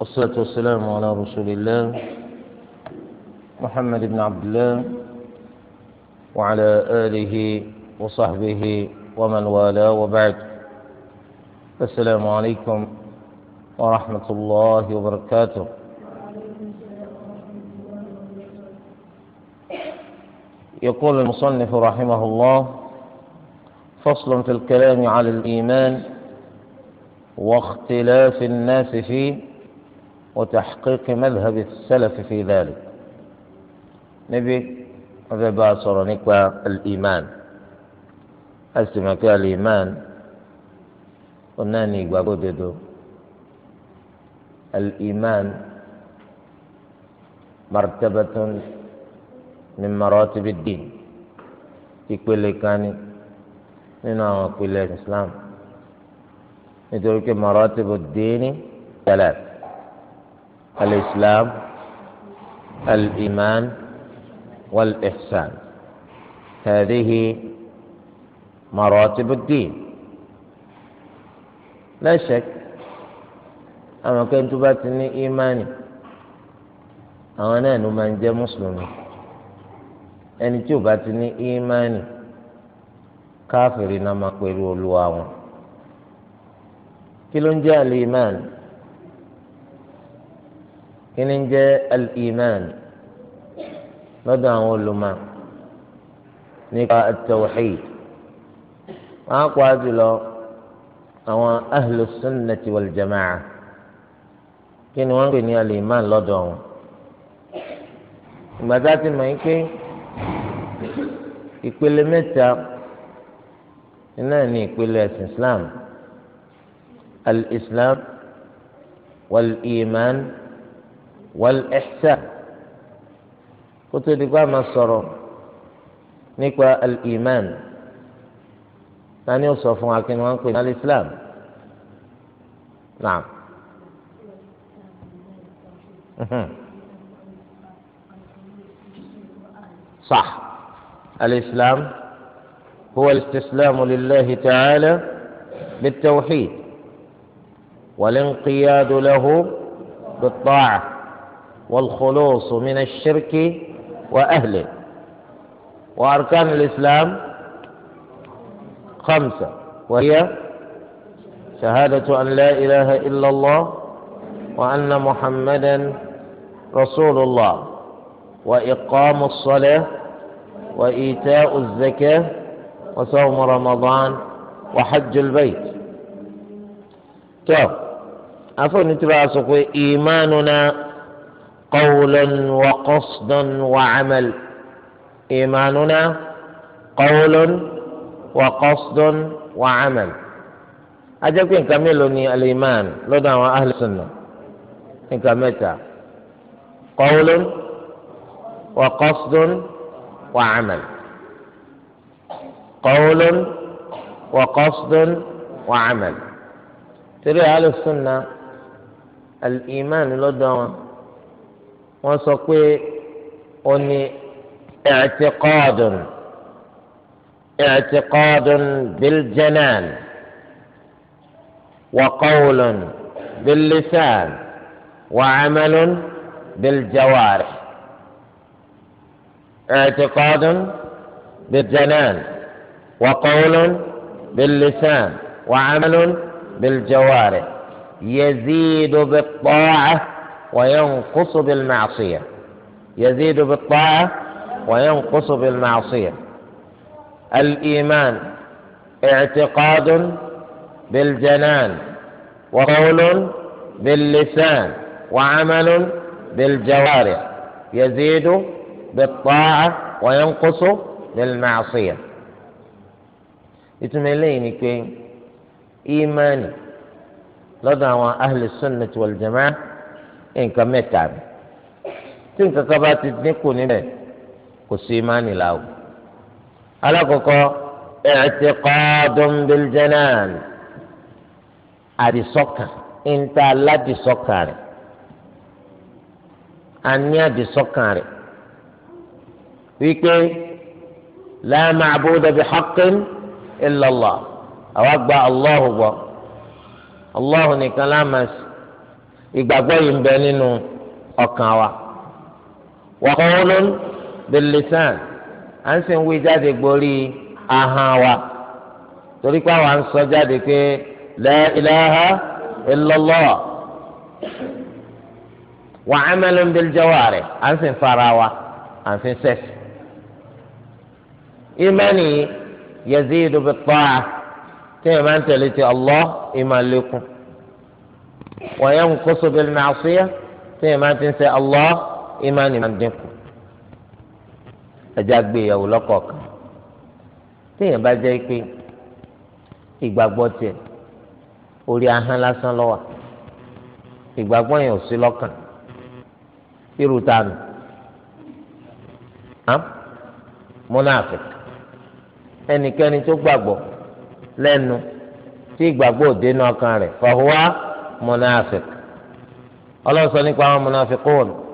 والصلاة والسلام على رسول الله محمد بن عبد الله وعلى آله وصحبه ومن والاه وبعد السلام عليكم ورحمة الله وبركاته يقول المصنف رحمه الله فصل في الكلام على الإيمان واختلاف الناس فيه وتحقيق مذهب السلف في ذلك نبي هذا باصر نكوى الإيمان أسمك الإيمان قلنا نيقوى الإيمان مرتبة من مراتب الدين في كل كان من كل الإسلام Islam مراتب الدين ثلاث الإسلام الإيمان والإحسان هذه مراتب الدين لا شك أما كنت باتني إيماني أنا من جاء مسلمي أنا tí ò bá ti قيلوا ímánì káfìrí náà máa kíni ń jẹ́ al-iman lọ́dọ̀ àwọn olùmọ̀ nípa at-tawhid wọ́n á kó àjùlọ àwọn ahlu sunnati wal jama'a kíni wọ́n ń pè ní al-iman lọ́dọ̀ wọn ìgbàdá ti mọ̀ yín ìpele mẹ́ta iná ní ìpele ẹ̀sìn islam al-islam wal-iman. والإحسان قلت لك ما máa الإيمان أن يوصف tani ó الإسلام نعم صح الإسلام هو الاستسلام لله تعالى بالتوحيد والانقياد له بالطاعة والخلوص من الشرك وأهله وأركان الإسلام خمسة وهي شهادة أن لا إله إلا الله وأن محمدا رسول الله وإقام الصلاة وإيتاء الزكاة وصوم رمضان وحج البيت كيف طيب، أفن تبع إيماننا قولا وقصدا وعمل إيماننا قول وقصد وعمل اجاكم كملني الايمان لدى السنة السنه كمتا قول وقصد وعمل قول وقصد وعمل ترى اهل السنة الإيمان لدى wọ́n sọ pé ó ní i'tiqadun i'tiqadun biljanan wa qawlun billisan wa 'amalun biljawarih i'tiqadun biljanan. بالجنان وقول باللسان وعمل بالجوارح يزيد بالطاعة وينقص بالمعصية يزيد بالطاعة وينقص بالمعصية الإيمان اعتقاد بالجنان وقول باللسان وعمل بالجوارح يزيد بالطاعة وينقص بالمعصية ìtumọ̀ eléyìí ni pé ìmánì lọ́dọ̀ nǹkan mẹ́ta ni tí nǹkan kan bá ti dínkù níbẹ̀ kò sí imáni la o. alákọ̀ọ́kọ́ i'tiqadun bil janan àdìsọ́kàn níta aládìsọ́kàn rẹ̀ a ní àdìsọ́kàn rẹ̀ wípé la ma'buda bihaqqin illa Allah àwa gba Allahu gbọ́ Allahu nìkan láàmásì ìgbàgbọ́ yìí ń bẹ nínú ọkàn wa wa qawlun bil lisan à ń sì ń wí jáde gborí ahọ́n wa torí pé àwa ń sọ jáde pé la ilaha illallah wa amalun bil jawarih à ń sì fara wa à ń sì ń sẹ́sì. ìmánì yazidu bit ta'ah tí ìmọ̀ ń tẹ̀lé ti Allah ìmọ̀ وينقص بالمعصية tí ìmá ti ń ṣe Allah ìmá ni máa dínkù ẹjẹ agbèyẹ̀wò lọ́kọ̀ọ̀kan tí èèyàn bá jẹ́ pé ìgbàgbọ́ tiẹ̀ orí ahọ́n lásán ya ìgbàgbọ́ yẹn ò sí lọ́kàn irú ta nù múnáfík ẹnikẹ́ni tó gbàgbọ́ lẹ́nu tí ìgbàgbọ́ òdenu ọkàn rẹ̀ منافق الله سنك وهم منافقون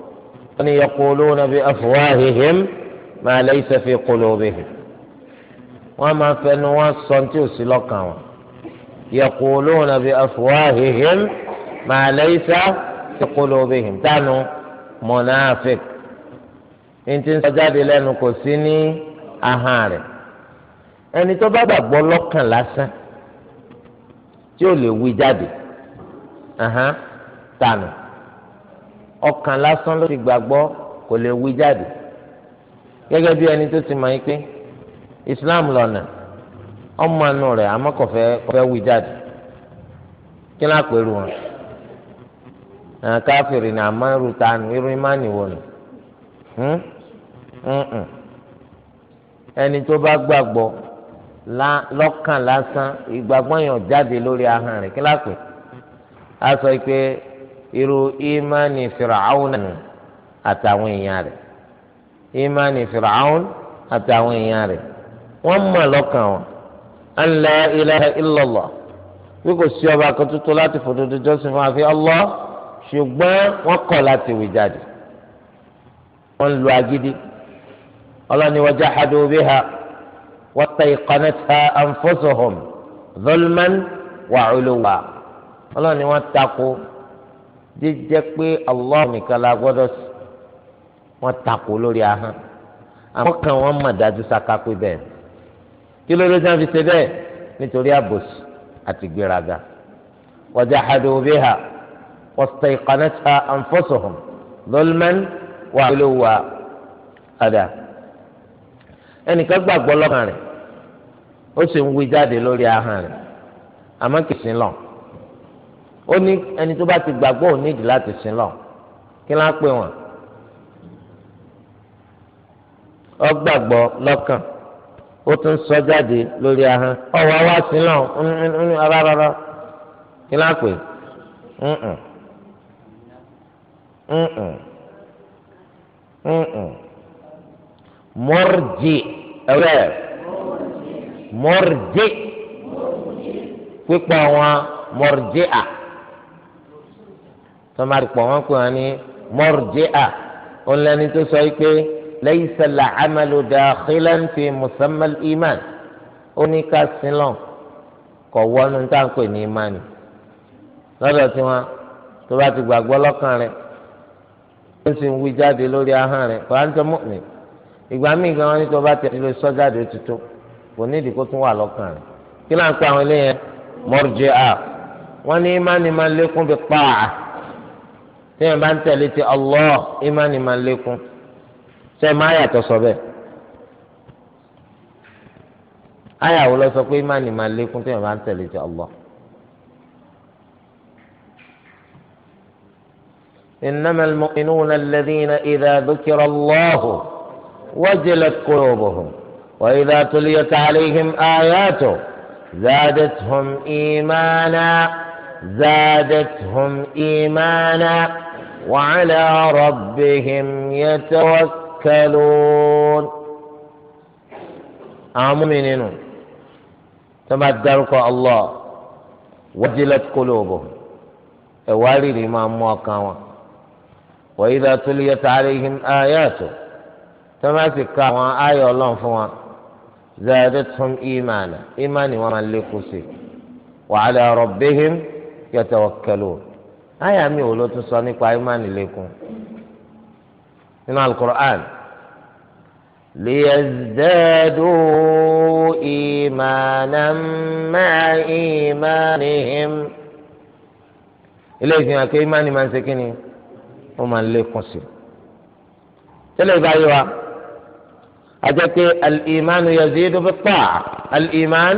أن يقولون بأفواههم ما ليس في قلوبهم وما فنوا صنتي سلوكا يقولون بأفواههم ما ليس في قلوبهم تانو منافق انت سجاد لأنك سني أهاري ẹni tó bá gbàgbọ́ lọ́kàn lásán tí ò lè wí jáde tànù ọkàn lásán ló ti gbàgbọ́ kò lè wí jáde gẹ́gẹ́ bí ẹni tó ti mọ̀ yín pé Islam lọ́nà ọmọ àánú rẹ̀ àmọ́ kò fẹ́ wí jáde kí ló àpérò wọn àwọn káfíìrì ní àmọ́ irú tànù irú ìmánì wò nù ẹni tó bá gbàgbọ́ lọ́kàn lásán ìgbàgbọ́ yàn jáde lórí ahọ́n rẹ̀ kí ló àpérò. a sọ pé irú ìmánì fìràhún àtàwọn èèyàn rẹ̀ ìmánì fìràhún àtàwọn èèyàn rẹ̀ wọ́n mọ̀ lọ́kàn wọn an la ilaha illallah bí kò sí ọba kan tuntun láti fòdodo jọ́sìn fún àfi Allah ṣùgbọ́n wọ́n kọ̀ láti wí jáde wọ́n lu agídí ọlọ́ni wajahadu biha wa tayqanatha anfusuhum zulman wa uluwa ọlọ́run ni wọ́n tako jíjẹ́ pé Allah nìkan la gbọ́dọ̀ sí wọ́n tako lórí ahọ́n àmọ́ kan wọ́n mọ̀ dájú saka pé bẹ́ẹ̀ kí ló ló sàn fi ṣe bẹ́ẹ̀ nítorí àbòsí àti gbéraga wajahadu biha wastayqanatha anfusuhum zulman wa uluwa ada ẹnìkan gbàgbọ́ lọ́kàn rẹ̀ ó sì ń wí jáde lórí ahọ́n rẹ̀ àmọ́ kìsìn lọ́n ó ní ẹni tó bá ti gbàgbọ́ òun nídìí láti sin lọ kí ló ń pè wọ́n ó gbàgbọ́ lọ́kàn ó tún sọ jáde lórí ahọ́n ọ̀wọ́ àwa sin lọ rárára kí ló ń pè mọ́rjì ẹ̀rẹ́ mọ́rjì pípa wọn mọ́rjì à tọ́mari pọ̀ wọ́n pè wọ́n ní mọ́rùjíà ọ̀nlẹ́ni tó sọ pé laysa al-amalu dakhilan fi musamma al-iman ó ní ká sílọ̀ kọ̀ wọ́nú tá à ń pè ní imani lọ́dọ̀ tiwọn tó bá ti gbàgbọ́ lọ́kàn rẹ̀ ó sì ń wí jáde lórí ahọ́n rẹ̀ kò á ń ìgbà míì gan wọn ní tó bá ti lè sọ jáde tuntun kò ní ìdí kó tún wà lọ́kàn rẹ̀ kí láǹkà àwọn eléyẹn mọ́rùjíà wọ́n ní imani máa lékún bí pààyà. téèyàn bá ń tẹ̀lé ti ọlọ́ ìmánì máa lékún ṣe máa yàtọ̀ sọ bẹ́ẹ̀ ayàwó lọ sọ pé ìmánì máa lékún téèyàn bá ń tẹ̀lé ti Allah. إنما المؤمنون الذين إذا ذكر الله وجلت قلوبهم وإذا تليت عليهم آياته زادتهم إيمانا زادتهم إيمانا وعلى ربهم يتوكلون آمنين ثم ذلك الله وجلت قلوبهم إوالي لما واقعوا وإذا تليت عليهم آياته تماسكا آية الله فوا زادتهم إيمانا إيمان ومن لكسي وعلى ربهم يتوكلون àyà mi ò ló tún sọ nípa imáni lẹ́kùn nínú alukur'an liyazdadu imanan ma'a imanihim ilé ìfihàn pé imáni máa ń ṣe kínni ó máa ń lékún sí tẹ́lẹ̀ báyìí wa a jẹ́ pé al-imanu yazidu bit-ta'a al-iman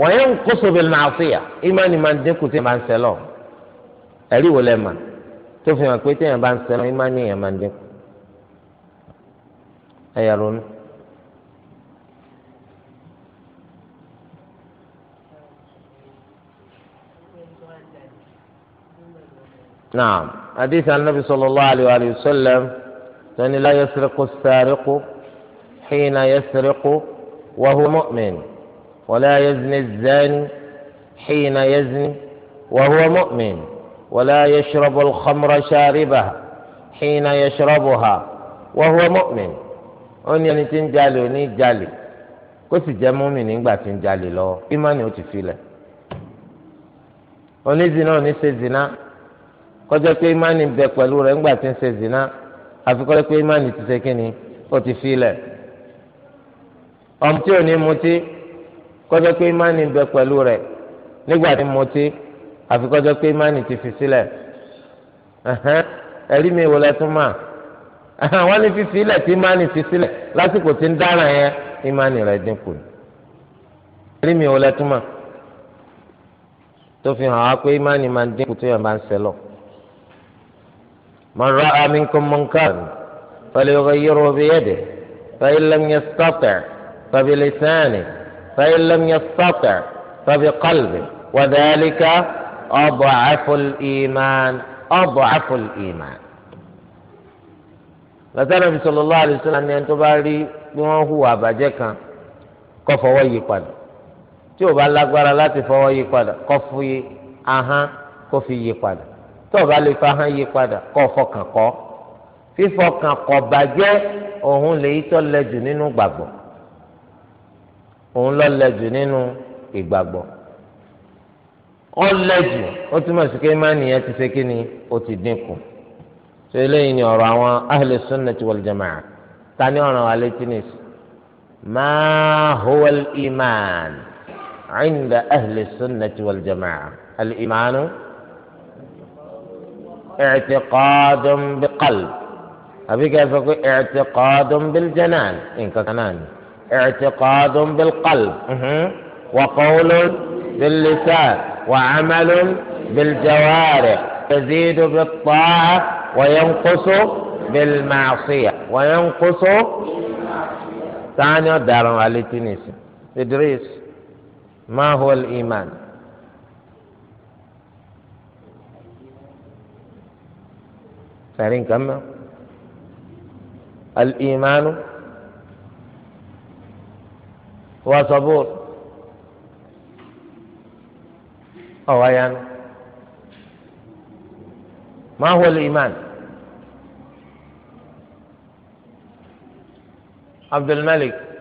wa yanqusu bil-ma'siyah imáni máa ń dínkù tí máa ń ṣẹlọ̀. ẹ̀rí wo lẹ́ẹ̀ma tó fi hàn pé téèyàn bá ń sẹ́nu ìmánì èèyàn máa ń dínkù ẹ̀yà ronú. نعم حديث عن النبي صلى الله عليه وآله وسلم يعني لا يسرق السارق حين يسرق وهو مؤمن ولا يزني الزاني حين يزني وهو مؤمن ولا يشرب الخمر شاربها حين يشربها وهو مؤمن أن ينتجالي ونجالي kó sì jẹ́ mọ́mìnì ńgbà tí ń jalè lọ ìmánì ó ti filẹ̀ onízìnà ò ní ṣe zìnà kọjá pé ìmánì bẹ pẹ̀lú rẹ̀ ńgbà tí ń ṣe zìnà àfikọ́ pé ìmánì ti ṣe kíni ó ti filẹ̀ ọ̀mùtí àfikọ́jọ́ pé imáni ti fi sílẹ̀ ẹ̀rí mi wò lẹ́tún mà wọ́n ní fífi ilẹ̀ tí imáni fi sílẹ̀ lásìkò tí ń dára yẹn imáni rẹ̀ dínkù ẹ̀rí mi wò lẹ́tún mà tó fi hàn wá pé imáni máa ń dínkù tó yẹn bá ń sẹ́lọ̀ man ra'a minkum munkaran falyughayyirhu biyadihi فإن لم يستطع فبلسانه فإن لم يستطع فبقلبه وذلك ọbọ àfọl ìmàn ọbọ àfọl ìmàn lọtara mi sọlọ lọ àlùsọ náà ní ẹni tó bá rí bí wọn hùwà àbàjẹ́ kan kó fọwọ́ yí padà tí o bá lágbára láti fọwọ́ yí padà kó fi ahán kó fi yí padà tí o bá lè fa ahán yí padà kó fọkàn kọ̀ fífọkàn kọ̀ bàjẹ́ òun lè tọ́ lẹ́jù nínú gbàgbọ́ òun lọ lẹ́jù nínú ìgbàgbọ́ ọlẹ́jù ó túmọ̀ sí pé ìmánì yẹn ti ṣe kí ni ó ti dínkù ṣe eléyìí ni ọ̀rọ̀ àwọn ahlu sunnati wal jama'a ta ni ọ̀ràn wa létí ní sí ma huwa al-iman inda ahlu sunnati wal jama'a al-imanu i'tiqadun bi qalb àbí ká sọ pé i'tiqadun bil janan nǹkan kan náà ni i'tiqadun bil qalb wa qawlun bil lisan. وعمل بالجوارح يزيد بالطاعة وينقص بالمعصية وينقص ثاني دار على تنسي إدريس ما هو الإيمان سارين كم الإيمان هو صبور قوايان ما هو الإيمان عبد الملك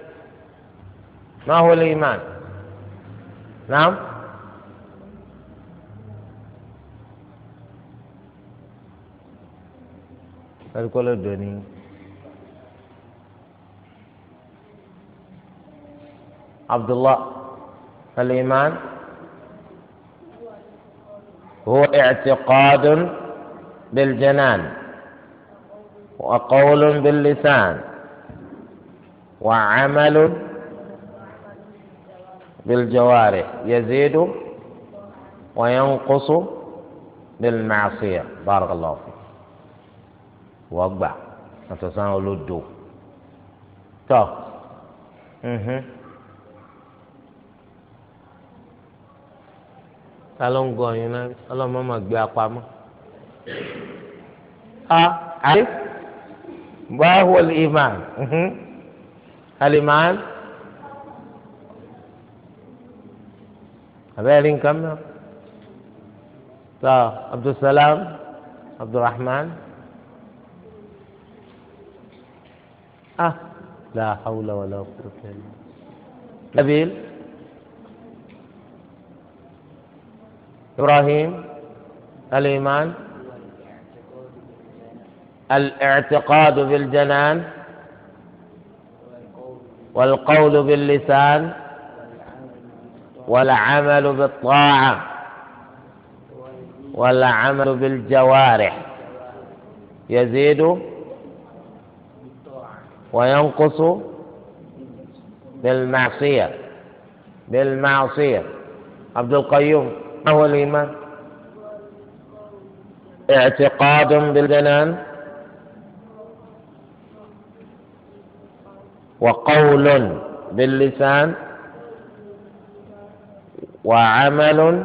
ما هو الإيمان نعم الكل الدنيا عبد الله الإيمان هو اعتقاد بالجنان وقول باللسان وعمل بالجوارح يزيد وينقص بالمعصية بارك الله فيك وقبع أتساءل الدو طب ta ló ń gọ ọyìn náà ọlọ́mọ máa gbé apamọ́. a àyè báwo lè mà alimán abẹ́rẹ́ nǹkan mọ́ tó abdulsalam abdulrahman ah la hawla wala quwwata illa billah. إبراهيم الإيمان الاعتقاد بالجنان والقول باللسان والعمل بالطاعة والعمل بالجوارح يزيد وينقص بالمعصية بالمعصية عبد القيوم هو الإيمان؟ اعتقاد بالجنان وقول باللسان وعمل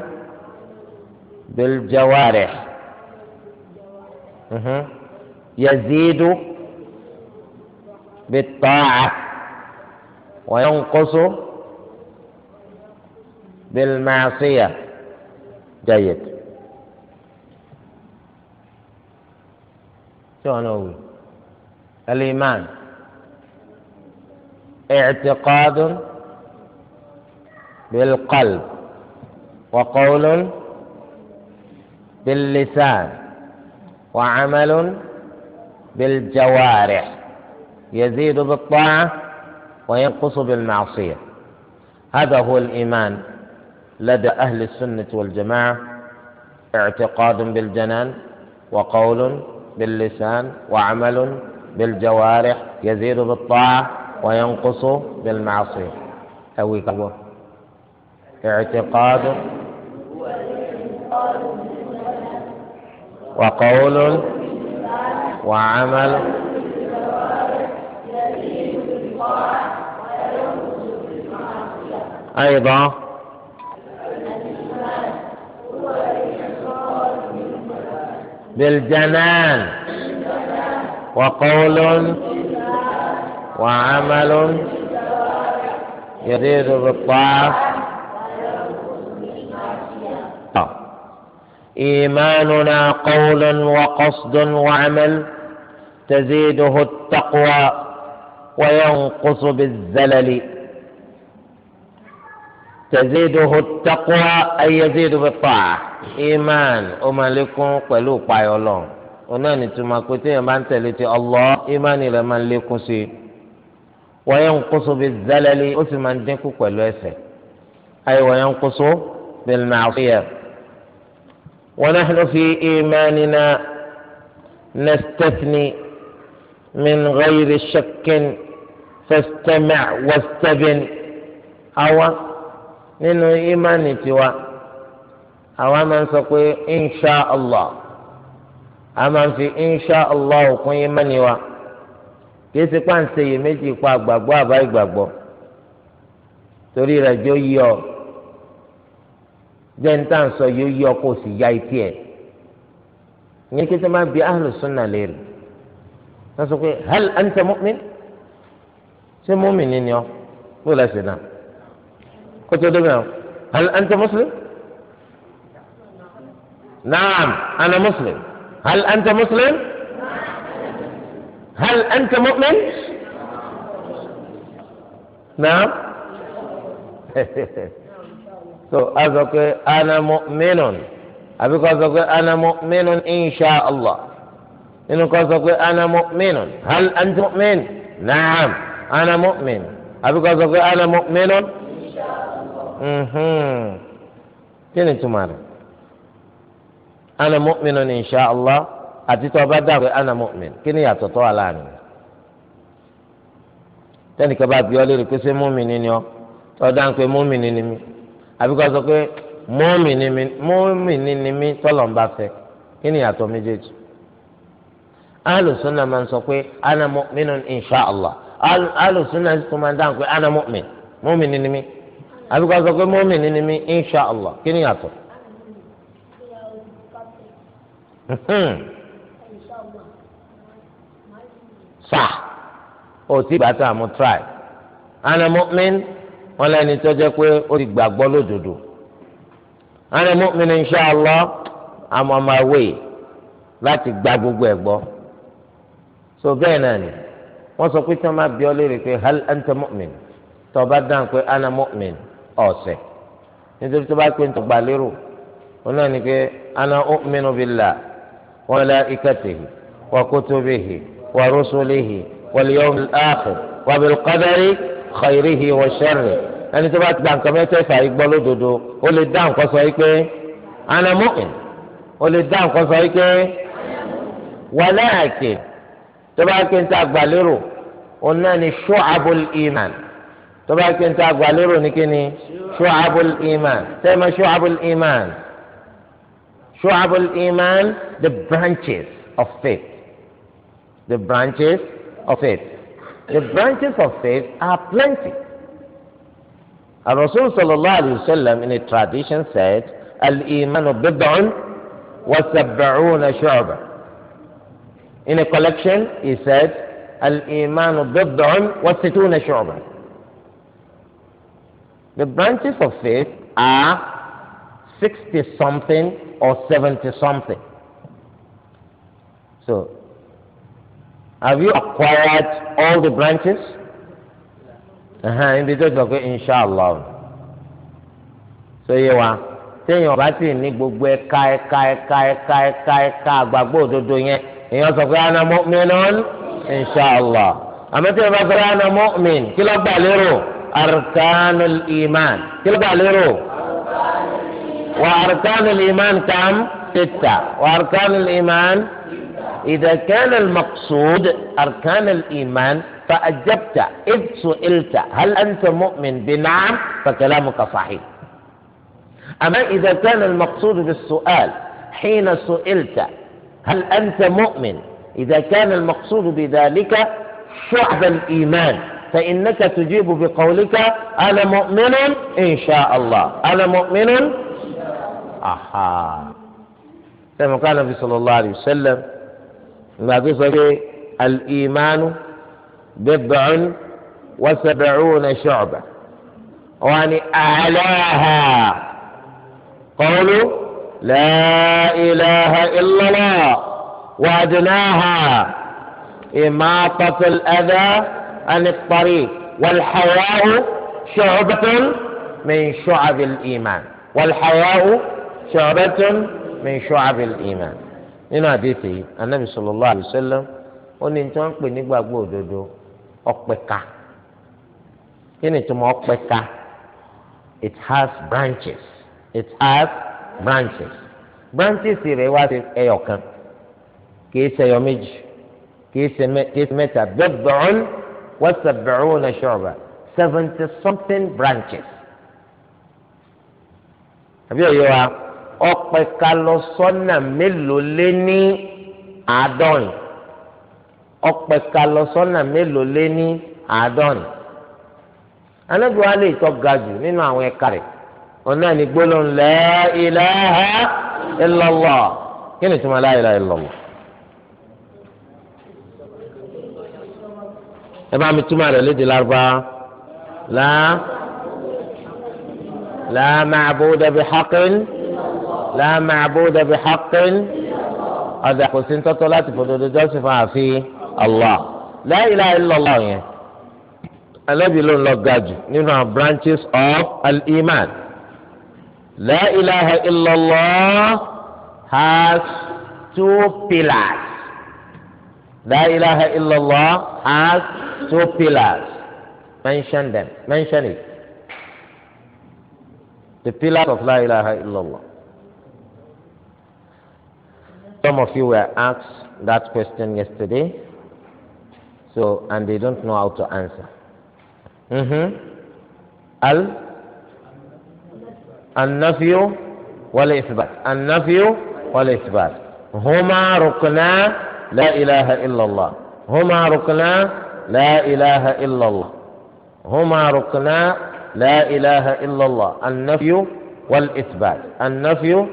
بالجوارح يزيد بالطاعة وينقص بالمعصية جيد شو أنا أقول الإيمان اعتقاد بالقلب وقول باللسان وعمل بالجوارح يزيد بالطاعة وينقص بالمعصية هذا هو الإيمان لدى أهل السنة والجماعة اعتقاد بالجنان وقول باللسان وعمل بالجوارح يزيد بالطاعة وينقص بالمعصية أو هو اعتقاد وقول وعمل أيضا بالجنان وقول وعمل يريد بالطاعة إيماننا قول وقصد وعمل تزيده التقوى وينقص بالزلل تزيده التقوى أي يزيد بالطاعة إيمان أما لكم قلوا قاية الله ونحن تما كتير من تلتي الله إيمان لمن لكم سي وينقص بالزلل أثمان دينكو قلوا أي وينقص بالمعصية ونحن في إيماننا نستثني من غير شك فاستمع واستبن أو nínú ìmánì tiwa àwa máa ń sọ pé insha allah a máa ń fi insha allah òkun ìmánì wa kì í ṣe pàǹsẹ̀ yìí méjì pa àgbàgbọ́ àbá ìgbàgbọ́ torí rẹ̀ jó yí ọ jẹ́ńtà ń sọ yóò yí ọ kó o sì ya etí ẹ̀ ní kí sẹ́ bi wọ́n sọ pé hal mu'min ṣé ni ọ bó lẹ́sìn náà. كتب دمهم هل أنت مسلم؟ نعم أنا مسلم هل أنت مسلم؟ هل أنت مؤمن؟ نعم so, أذكر أنا مؤمن ابي أذكر أنا مؤمن إن شاء الله إنه قصدك أنا مؤمن هل أنت مؤمن؟ نعم أنا مؤمن ابي أذكر أنا مؤمن Mm-hmm. kí ni túmọ̀ ana insha Allah àti tó o bá ana mu'min gịnị atọ yàtọ̀ ala anyị. láàrin rẹ̀ ba bá ọ lórí ọ tó dáhùn pé mùmínì ni mí àbí kó sọ pé ni ana mu'minun insha Allah da ana mu'min ni àbí ká sọ pé mọ́mìnì ni mí insha allah kí ni yàtọ̀. Hmm. sà ó ti bàtà mu try ana mu'min wọn lẹni tó jẹ pé ó ti gbàgbọ́ lódodo ana mu'min insha allah i'm on my way láti gba gbogbo ẹ̀ gbọ́ so bẹ́ẹ̀ náà ni wọ́n sọ pé tí wọ́n máa bi ọ́ léèrè pé hal anta mu'min tó bá dáhùn pé ana mu'min ọ̀sẹ̀ nítorí tó bá pé ń tọgbà lérò wọn náà ni pé ana u'minu billah wa malaikatihi wa kutubihi wa rusulihi wal yawmil akhir wa bil qadari khayrihi wa sharrihi ẹni tó bá gba nǹkan mẹ́tẹ̀ẹ̀fà yìí gbọ́ lódodo ó lè dá nǹkan sọ yìí pé ana mu'min ó lè dá nǹkan sọ yìí pé walakin tó bá pé ń tọgbà lérò wọn náà ni shu'abul iman tọ́ba kí n ta àgbàlérò ní kíni ṣọ́àbùl iman tẹ́lẹ̀ ṣọ́àbùl iman ṣọ́àbùl iman the branches of faith the branches of faith the branches of faith are plenty. الرسول صلى الله عليه وسلم in a tradition said الإيمان بضع وسبعون شعبة in a collection he said الإيمان بضع وستون شعبة The branches of faith are sixty something or seventy something. So, have you acquired all the branches? Uh huh. Ibi tó sọ pé inshallah. So yé wa, téèyàn bá sì ní gbogbo ẹ̀ka ẹ̀ka ẹ̀ka ẹ̀ka ẹ̀ka ẹ̀ka àgbàgbọ́ òdodo yẹn, èèyàn sọ pé ana mu'minun inshallah. Àmọ́ tí wọ́n bá sọ pé ana mu'min, kí ló gbà lérò? أركان الإيمان تلقى ليرو وأركان الإيمان كم ستة وأركان الإيمان إذا كان المقصود أركان الإيمان فأجبت إذ سئلت هل أنت مؤمن بنعم فكلامك صحيح أما إذا كان المقصود بالسؤال حين سئلت هل أنت مؤمن إذا كان المقصود بذلك شعب الإيمان فإنك تجيب بقولك أنا مؤمن إن شاء الله أنا مؤمن أها كما قال النبي صلى الله عليه وسلم ما تصل إيه؟ الإيمان بضع وسبعون شعبة وأن أعلاها قول لا إله إلا الله وأدناها إماطة الأذى ani pari walxawaahu shucbatun min shucabi iman walxawaahu shucbatun min shucabi iman nínú àdéhìí anabi sallallahu alayhi wa sallam ó ní tí wọn ń pè nígbàgbọ́ òdodo ọpẹka it has branches it has branches branches rẹ̀ wá sí كيس kan كيس í ṣe ẹyọ méjì wa شعبة shu'ba seventy something branches. àbí ọ̀yọ́ wa ọ̀pẹ ká lọ sọ́nà mélòó lé ní àádọ́rin ọ̀pẹ ká lọ sọ́nà mélòó lé ní àádọ́rin. anábì wa lè tọ́ ga jù nínú àwọn ẹ̀ka rẹ̀ ọ̀nà ní gbólóhùn la ilaha illallah kí ni túmọ̀ la ilaha illallah. ẹ bá mi túmọ̀ rẹ̀ lédè lárúbá la la ma'buda bi haqqin la ma'buda bi haqqin ọ̀dà kò sí tọ́tọ́ láti fòdodo jọ́sìn fún àfi allah la ilaha illallah yẹn alábì ló ń lọ ga nínú àwọn branches of al-iman la ilaha illallah has two pillars. La ilaha illallah has two pillars. Mention them. Mention it. The pillars of La ilaha illallah. Some of you were asked that question yesterday, so and they don't know how to answer. Mm-hmm. Al النفي والإثبات النفي والإثبات هما ركنان لا إله إلا الله هما ركنا لا إله إلا الله هما ركنا لا إله إلا الله النفي والإثبات النفي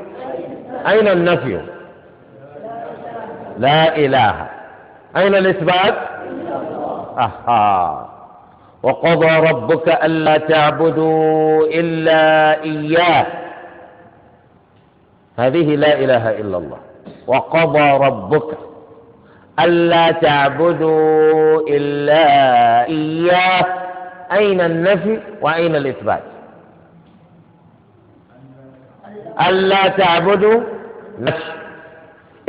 أين النفي لا إله أين الإثبات أها وقضى ربك ألا تعبدوا إلا إياه هذه لا إله إلا الله وقضى ربك ألا تعبدوا إلا إياه أين النفي وأين الإثبات ألا تعبدوا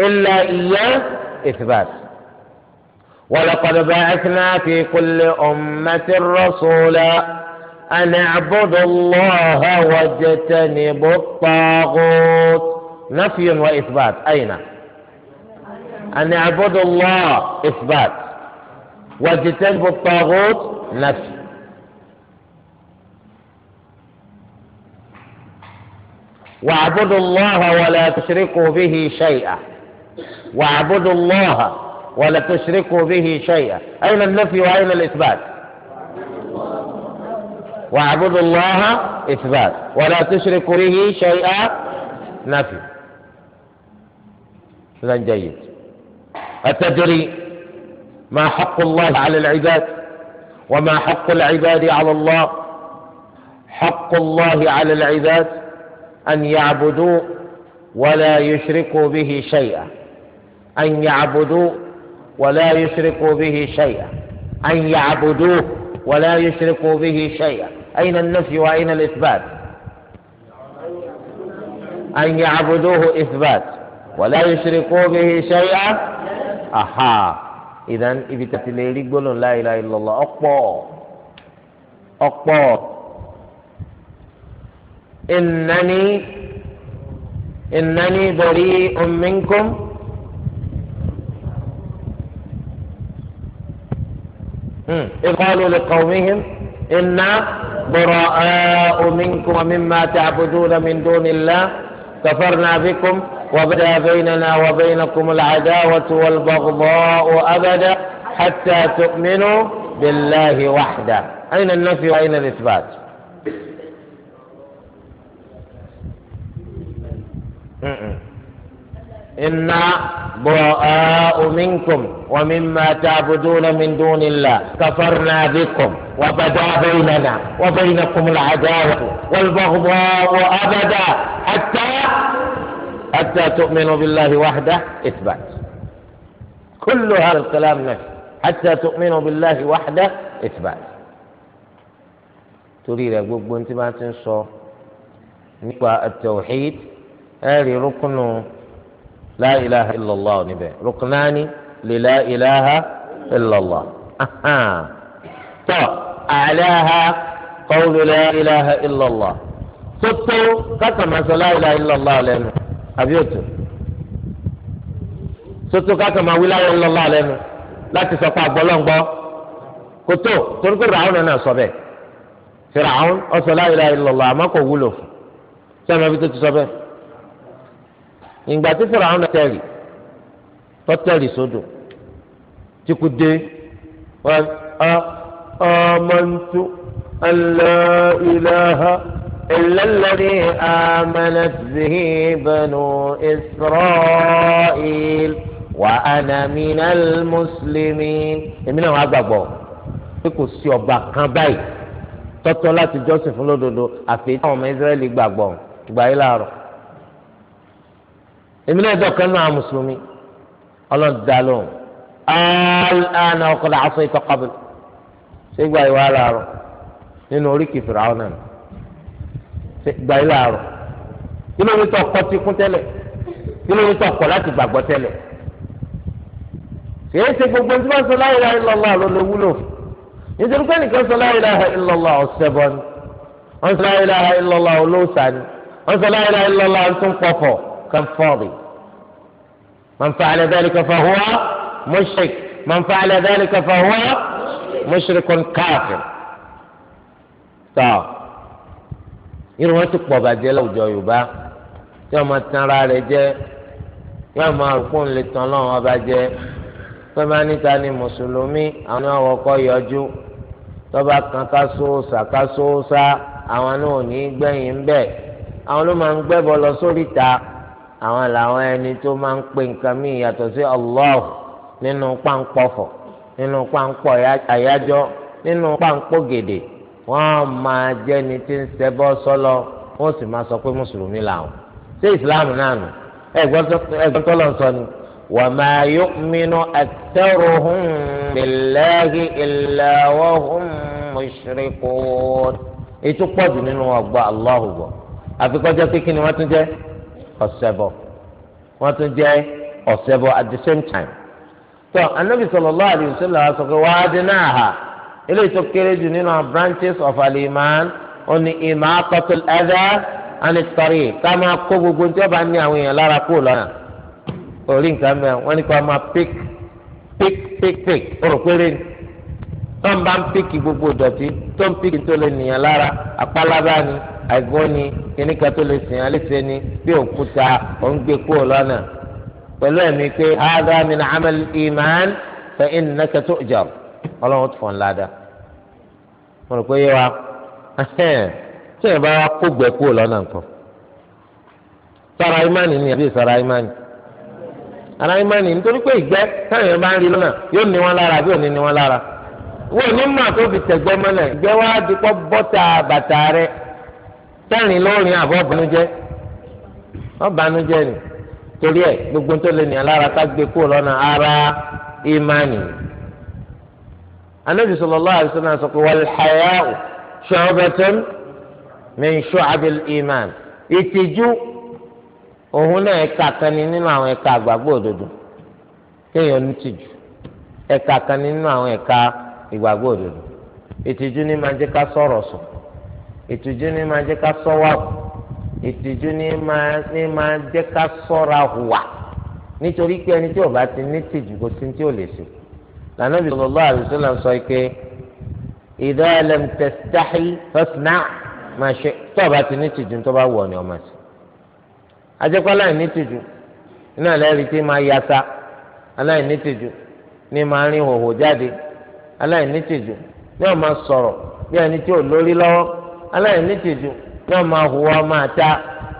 إلا إياه إثبات ولقد بعثنا في كل أمة رسولا أن اعبدوا الله واجتنبوا الطاغوت نفي وإثبات أين؟ أن اعبدوا الله إثبات واجتنب الطاغوت نفي واعبدوا الله ولا تشركوا به شيئا واعبدوا الله ولا تشركوا به شيئا أين النفي وأين الإثبات واعبدوا الله إثبات ولا تشركوا به شيئا نفي إذا جيد أتدري ما حق الله على العباد وما حق العباد على الله حق الله على العباد أن يعبدوه ولا يشركوا به شيئا أن يعبدوه ولا يشركوا به شيئا أن يعبدوه ولا يشركوا به شيئا أين النفي وأين الإثبات أن يعبدوه إثبات ولا يشركوا به شيئا aha idan ibi tati lè rí gbolo la ila ilolo ọ̀pọ̀ ọ̀pọ̀ innani innani bari'un minkum. إذ قالوا لقومهم إنا براء منكم ومما تعبدون من دون الله كفرنا بكم وبدا بيننا وبينكم العداوة والبغضاء أبدا حتى تؤمنوا بالله وحده أين النفي وأين الإثبات إنا براء منكم ومما تعبدون من دون الله كفرنا بكم وبدا بيننا وبينكم العداوة والبغضاء أبدا حتى حتى تؤمنوا بالله وحده إثبات كل هذا الكلام نفي حتى تؤمنوا بالله وحده إثبات تريد أقول أنت ما تنسوا نقوى التوحيد هذه ركن لا إله إلا الله نبي ركنان للا إله إلا الله أها طب أعلاها قول لا إله إلا الله ستو قسم لا إله إلا الله لأنه àbí òtún soto kákan máa wí láwọn ńlọ́lá lẹ́nu láti sọ pé àgbọ̀lọ́ngbọ́ kótó torí pé ràhùn náà sọ bẹ́ẹ̀ fìràhùn ọ̀sọ̀ la ilaha illallah àmọ́ kò wúlò fún sẹ́mi ẹbí tó ti sọ bẹ́ẹ̀ ìgbà tí fìràhùn náà tẹ̀lé tọ́tẹ̀lì sódò tí kò dé ọmọ ntú Allah إلا الذي آمنت به بنو إسرائيل وأنا من المسلمين èmi náà wá gbàgbọ́ pé kò sí ọba kan báyìí tọ́tọ́ láti jọ́sìn fún lódodo àfi táwọn ọmọ Ísírẹ́lì gbàgbọ́ ìgbà yìí láàárọ̀ èmi náà dọ̀kan náà mùsùlùmí ọlọ́run dá lóhùn àlànà ọkọ̀ làásù ìtọ́kọ̀bẹ̀ ṣé ìgbà yìí wá láàárọ̀ nínú oríkì Fìràwọ̀ náà gbà yín láàárọ̀ kí ló ní tó kọ́ ti kún tẹ́lẹ̀ kí ló ní tó kọ́ láti gbàgbọ́ tẹ́lẹ̀ kìí ṣe gbogbo ẹni tí wọ́n sọ la ilaha illallah ló lè wúlò nítorí pé nìkan sọ la ilaha illallah ọ̀sẹ̀bọ ni wọ́n sọ la ilaha illallah olóòṣà ni wọ́n sọ la ilaha illallah tún pọ̀fọ̀ kẹfọ́ọ̀rì man fa'ala dhalika fahuwa mushrik man fa'ala dhalika fahuwa mushrikun kafir. irun wọn ti pọ̀ bàjẹ́ láwùjọ yorùbá tí wọ́n máa tan ara rẹ̀ jẹ́ yóò máa rúkú ń tan lọ́wọ́ ọba jẹ́ tó bá níta ni mùsùlùmí àwọn náà wọkọ́ yọjú tó bá kan ká sóòsà ká sóòsà àwọn náà ò ní gbẹ̀yìn ń bẹ̀ àwọn ló máa ń gbẹ́bọ lọ sóríta àwọn làwọn ẹni tó máa ń pè nǹkan yàtọ̀ Allah nínú wọ́n máa jẹ́ni tí ń ṣẹbọ sọ́lọ wọ́n sì máa sọ pé mùsùlùmí làwọn ṣé ìsìláàmù náà nù ẹ̀gbọ́n tó lọ sọ ni wa ma yu'minu aktharuhum billahi illa wa hum mushrikun ètò pọ̀jù nínú ọgbà Allahu àfikọ́jọ́ pé ni wọ́n tún jẹ́ ọ̀sẹ̀bọ̀ wọ́n tún jẹ́ ọ̀sẹ̀bọ̀ at the same time. tó anabi sallallahu alaihi wasallam sọ pé wàá dín náà hà eléyìí tó kéré jù nínú àwọn branches of aliman oní ìmọ̀ akọ́tún ẹ̀dá àni tọ́rí ká máa kó gbogbo tí wọ́n bá ní àwọn èèyàn lára kó lọ́nà orí nǹkan mẹ́rin wọ́n ní kó máa pick pick pick pick orò péré ni tó ń bá ń pick gbogbo dọ̀tí tó ń pick tó lè nìyàn lára àpálábá ni àìgbọ́n ni kíníkan tó lè sìn alẹ́sẹ̀ ni bí òkúta ò ń gbé kó lọ́nà pẹ̀lú ẹ̀mí pé ádámì ní amẹ́lì ìmọ̀ ọlọ́run tó fọ̀ ńlá mo rò wa tí èèyàn bá wá kó gbẹ kúrò lọ́nà nǹkan sara imani ni àbí sara imani ara imani nítorí pé ìgbẹ́ bá ń rí lọ́nà yóò ní wọn lára àbí òní ní wọn lára ní mà tó fi tẹ̀gbẹ́ mọ́lẹ̀ ìgbẹ́ dikọ́ bọ́tà bàtà rẹ tẹ́rìn àbọ̀ wọ́n ni torí ẹ̀ gbogbo tó ara imani. anabi sallallahu alaihi wasallam sọ pé wal haya'u shu'batun min shu'abil iman ìtìjú òun náà ẹ̀ka kan ní nínú àwọn ẹ̀ka àgbàgbọ́ òdodo kéèyàn ní tìjú ẹ̀ka kan ní nínú àwọn ẹ̀ka ìgbàgbọ́ òdodo ìtìjú ní máa jẹ́ ká sọ̀rọ̀ sọ ìtìjú ní máa jẹ́ ká sọ́wọ́ ìtìjú ní máa jẹ́ ká sọ́ra hùwà nítorí pé ẹni tí ó bá ti ní tìjú kò sí ní tí ò lè ṣe lànàbì sallallahu alaihi wasallam sọ ike idha lam tastahi fasna' ma shi' tó o bá ti ní tìjú tó bá wọ̀ ni ọmọ sí. ajẹ́pẹ́ aláìní tìjú iná lẹ́rìí tí máa yasa aláìní tìjú ní máa rin hòhò jáde aláìní tìjú ní sọ̀rọ̀ bí ẹni tí ò lórí lọ́wọ́ aláìní tìjú ní máa ta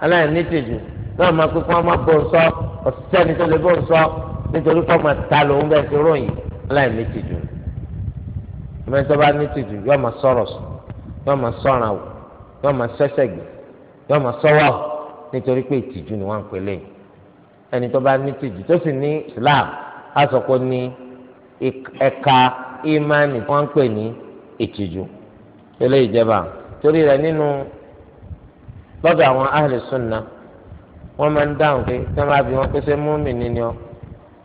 aláìní tìjú ní ó pípọ́n máa sọ ọ̀sẹ́ni aláì ní tìjú ọmọdé bá ní tìjú yóò máa sọ̀rọ̀ sùn yóò máa sọ̀ràn wò yóò máa sẹ́sẹ̀ gbé yóò máa sọ́wọ́ nítorí pé ìtìjú ni wọ́n ń pè lẹ́yìn ẹni tó bá ní tìjú tó sì ní Islam á sọ pé ní ẹ̀ka ìmánì wọ́n ń pè ní ìtìjú ilé ìjẹba torí rẹ̀ nínú lọ́dọ̀ àwọn ahli sunna wọ́n máa ń dáhùn pé tí wọ́n bá bí wọ́n pèsè múmi nínú ọ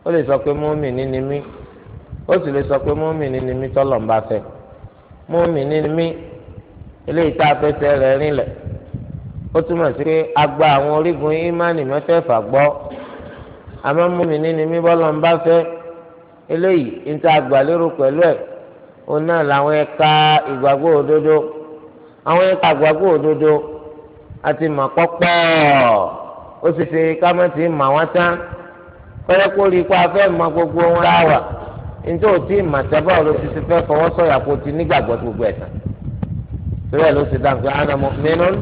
ó lè sọ pé múmi nínú mí ó sì lè sọ pé mùmíní ni mí tọ́lọ̀ ń bá fẹ́ mùmíní ni mí eléyìí tá a fẹsẹ̀ rẹ̀ rinlẹ̀ ó túmọ̀ sí pé a gba àwọn orígun ìmánì mẹ́fẹ̀ẹ̀fà gbọ́ àmọ́ mùmíní ni mí bọ́lọ̀ ń bá fẹ́ eléyìí ní tá a gbà lérò pẹ̀lú ẹ̀ òun náà làwọn ẹ̀ka ìgbàgbọ́ òdodo àwọn ẹ̀ka ìgbàgbọ́ òdodo àti mọ̀ pọ́pọ́ ó sì ṣe ká má ti mọ̀ wọ́n tán kọ́lẹ́kọ́ rí i pé a fẹ́ mọ̀ gbogbo wọn láwàá njẹ́ o ti màtẹ́bà o ló ti ti fẹ́ fọwọ́ sọ̀yà kó o ti nígbàgbọ́ tó gbogbo ẹ̀sán torí ẹ̀ ló ti dáhùn pé ana mu'minun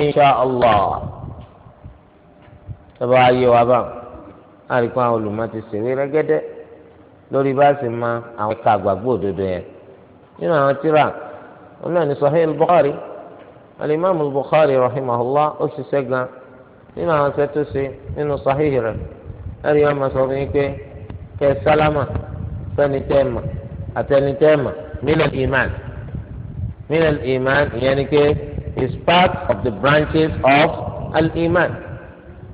insha allah tọ́ba ayé wa bá a rí i pé àwọn olùmọ̀ ti ṣèwé rẹ́gẹ́dẹ́ lórí bá a sì ma àwọn ẹ̀ka àgbàgbọ́ òdodo yẹn nínú àwọn tíra wọn náà ní sahih bukhari al bukhari rahimahullah ó ṣiṣẹ́ gan nínú àwọn sẹ́tọ́sí nínú sahih rẹ̀ ẹ̀rí wọn máa sọ fún yín pé kẹ́ sálámà fẹnitẹ́ẹ̀mà àtẹnitẹ́ẹ̀mà minal iman minal iman ìyẹn ni pé is part of the branches of al iman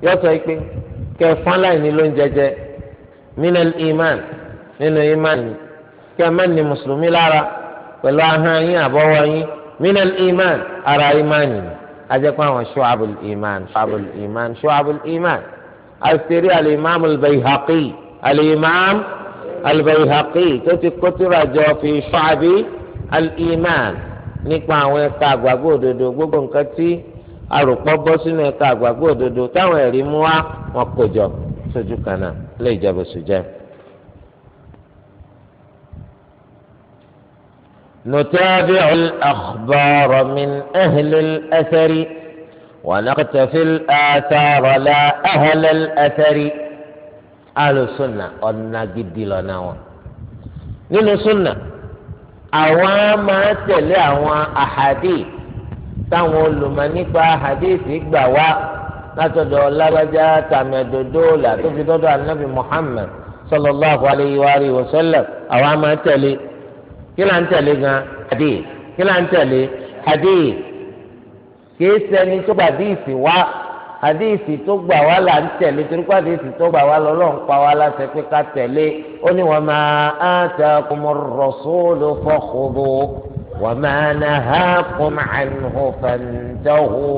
yóò sọ pé kẹfọn láìní ló ń jẹjẹ minal iman nínú iman ni kẹmẹ́ni ni mùsùlùmí lára pẹ̀lú ahọ́n yín àbọ̀wọ́ yín minal iman ara iman ni ajẹ́pọ̀ àwọn shu'abul iman shu'abul iman shu'abul iman àṣírí al-imam al-bayhaqi albayhaqi tó ti kó tírà jọ fi ṣáàbí al-iman nípa àwọn ẹ̀ka àgbàgbọ́ òdodo gbogbo nǹkan tí arùpọ̀ bọ́ sínú ẹ̀ka àgbàgbọ́ òdodo táwọn ẹ̀rí mú wá wọn kò jọ sójú kan náà lè jẹ́bù sùjẹ́. نتابع الأخبار من أهل الأثر ونقتفي الآثار لا أهل الأثر alùsùnà ọ̀nà gidi lọ́nà wọn. nínú sùnà àwọn máa tẹ̀lé àwọn àhàdì táwọn olùmọ̀ nípa àhàdì sì gbà wá látọ̀dọ̀ ọlábàjá tàmẹ̀dòdó là tó fi dọ́dọ̀ anábì Muhammad sallallahu alayhi wa alihi wa sallam àwọn máa tẹ̀lé kí là ń tẹ̀lé gan àhàdì kí là ń tẹ̀lé àhàdì kì í ṣẹni tó bàdí ìsìn wá àdéhìsì tó gbà wá là ń tẹ̀lé torí pé àdéhìsì tó gbà wá lọ lọ́n pa wá láṣẹ pé ká tẹ̀lé ó ní wa mā ātākumu r-rasūlu fakhudhūhu wa mā nahākum ʿanhu fantahū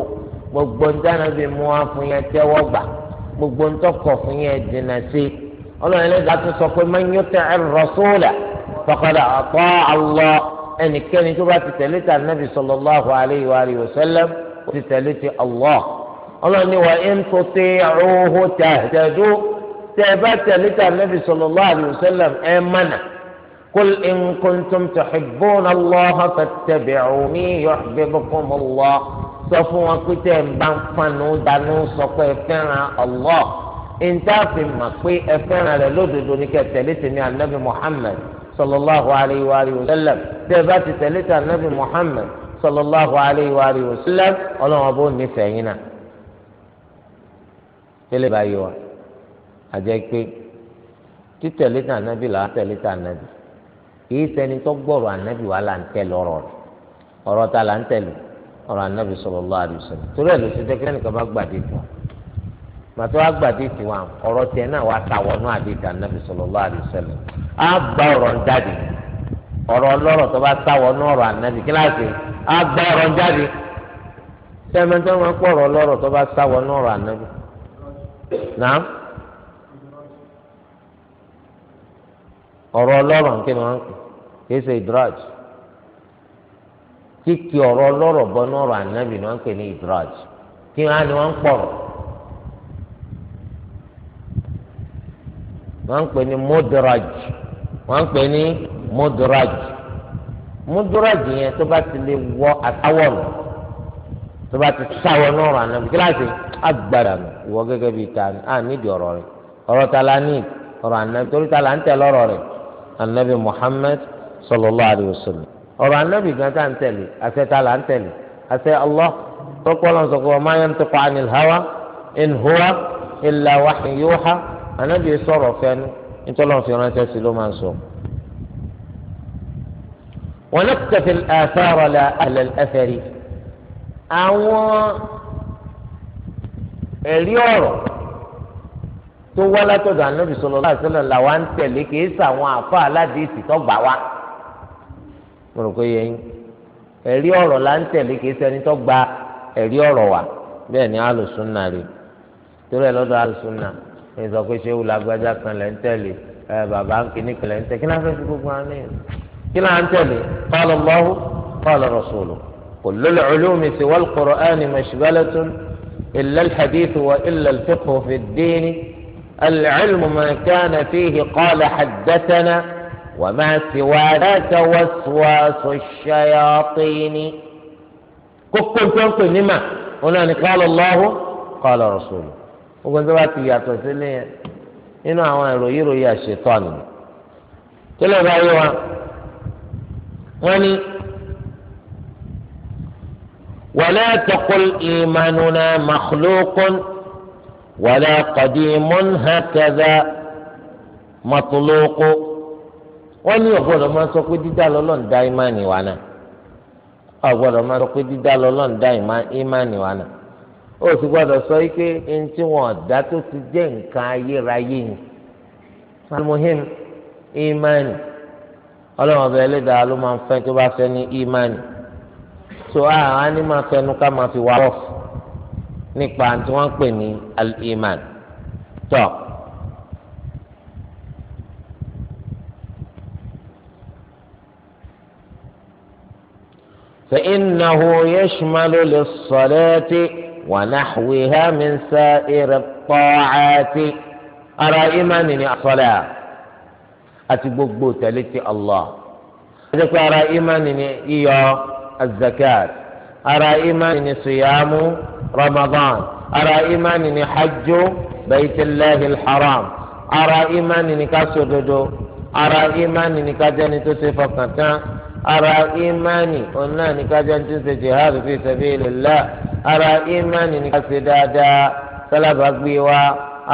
gbogbo ntana bí mu wá fún yẹn tẹ́wọ́ gbà gbogbo ntọ́kọ̀ fún yẹn dènà sí ọlọ́run ẹlẹ́dàá tó sọ pé man yutiʿi r-rasūla faqad aṭāʿa Allāh ẹnikẹ́ni tó bá ti tẹ̀lé tà nàbì sallallahu ọlọ́ni wa ń tó tẹ ọ̀hún tàdádó tẹ ẹ bá tẹ̀lé tà nàbì sallallahu alaihi wasallam ẹ mánà kul in kuntum tuhibbuna Allah fattabi'uni yuhibbukum Allah sọ fún wọn pé tẹ ẹ bá ń fanú sọ pé ẹ fẹ́ràn Allah ìntàfin mà pé ẹ fẹ́ràn rẹ̀ lódodo ní kẹ tẹ̀lé tèmi ànábì Muhammad sallallahu alayhi wa sallam tẹ bá ti tẹ̀lé tà nàbì Muhammad sallallahu alayhi wa sallam ọlọ́wọ́n bó nífẹ̀ẹ́ yín náà tẹ́lẹ̀ báyìí wa àjẹ́ pé títẹ̀lé tà nábì là á tẹ̀lé tà nábì kìí ṣẹni tó gbọ́rọ̀ ànábì wà là ń tẹ̀lé ọ̀rọ̀ rẹ̀ ọ̀rọ̀ ta là ń tẹ̀lé ọ̀rọ̀ ànábì sallallahu alaihi wasallam torí ẹ̀ ló ti dẹ́kẹ́ nìkan bá gbàdé tiwa màtó wá gbàdé tiwa ọ̀rọ̀ tiẹ̀ náà wà ta wọnú àdé tà ànábì sallallahu alaihi wasallam á gba ọ̀rọ̀ ń jáde ọ̀rọ̀ ọlọ́rọ̀ tó bá ta wọnú ọ̀rọ̀ ànábì kíláàsì á gba ọ̀rọ̀ ń jáde sẹ́mẹ́ntẹ́ wọn pọ̀ ọ̀rọ̀ tó bá ta wọnú ọ̀rọ̀ ànábì náà ọ̀rọ̀ ọlọ́rọ̀ nké ni wọ́n ń pè kì í ṣe idraj kíkì ọ̀rọ̀ ọlọ́rọ̀ bọ́ ní ọ̀rọ̀ ànábì ni wọ́n ń pè ní idraj kí wọ́n á ní wọ́n ń pọ̀rọ̀ wọ́n ń pè ní mudraj wọ́n ń pè ní mudraj mudraj yẹn tó bá ti lè wọ àtàwọ̀rọ̀ tó bá ti sáwọ́ ní ọ̀rọ̀ ànábì agbára mi ìwọ gẹ́gẹ́ bíi ta á nídìí ọ̀rọ̀ rẹ̀ ọ̀rọ̀ ta la ní ọ̀rọ̀ anabi torí ta la ń tẹ lọ́rọ̀ rẹ̀ anabi muhammed sallallahu alayhi wa sallam ọ̀rọ̀ anabi gan ta ń tẹ̀lé àṣẹ ta la ń tẹ̀lé àṣẹ allah tọkọlọ sọkọ ma yantiqu anil hawa in huwa illa wahyun yuha anabi sọ̀rọ̀ fẹ́nu nítorí fi ránṣẹ́ sí ló máa ń sọ. wọn náà kẹfì àṣà rọ̀ la ahlẹ̀ rí àwọn. ẹ̀rí ọ̀rọ̀ tó wá látọ̀dọ̀ ànábì sallallahu alaihi wasallam làwa ń tẹ̀lé kìí sàwọn àfa aládìsí tọ́gbà wa mo rò pé yẹn ẹ̀rí ọ̀rọ̀ là ń tẹ̀lé kìí sẹ́ni tọ́gbà ẹ̀rí ọ̀rọ̀ wa bẹ́ẹ̀ ni alùsùnà rè torí ẹ̀ lọ́dọ̀ alùsùnà sọ pé ṣé kan lẹ́ ń tẹ̀lé ẹ̀ bàbá ń kan lẹ́ ń tẹ̀lé kí náà fẹ́ fi gbogbo إلا الحديث وإلا الفقه في الدين العلم ما كان فيه قال حدثنا وما سوى ذاك وسواس الشياطين كفر كفر نما هنا قال الله قال رسوله وقلت بقى يا سنة هنا هو يروي يا شيطان كلا بقى وني ولا تقل إيماننا مخلوق ولا قديم هكذا مطلوق wọ́n ní ọ̀gbọ́dọ̀ máa sọ pé dídá lọ́lọ́run dá ìmánì wa náà ọ̀gbọ́dọ̀ máa sọ pé dídá lọ́lọ́run dá ìmánì wa náà ó sì gbọ́dọ̀ sọ pé ẹni tí wọ́n dá tó ti jẹ́ nǹkan ayérayé ni salmuhim ìmánì ọlọ́run ọba ẹlẹ́dàá ló máa ń fẹ́ tó bá fẹ́ ní ìmánì so àwọn ni máa fẹnu ká máa fi wá rọf nípa tí wọ́n pè ní al-iman tọ́. فإنه يشمل للصلاة ونحوها من سائر الطاعات أرى إيمانني الصلاة أتبقبو تلتي الله أتبقى أرى إيمانني إياه azakat ara imani ni siyamu ramadan ara imani ni hajju baitillahi alharam ara imani ni ká ṣòdodo ara imani ni ká jẹni tó ṣe fọkàn tán ara imani ọ̀nà ni ká jẹni tó ṣe jihad fi sabilillah ara imani ni ká ṣe dáadáa sálábàgbé wa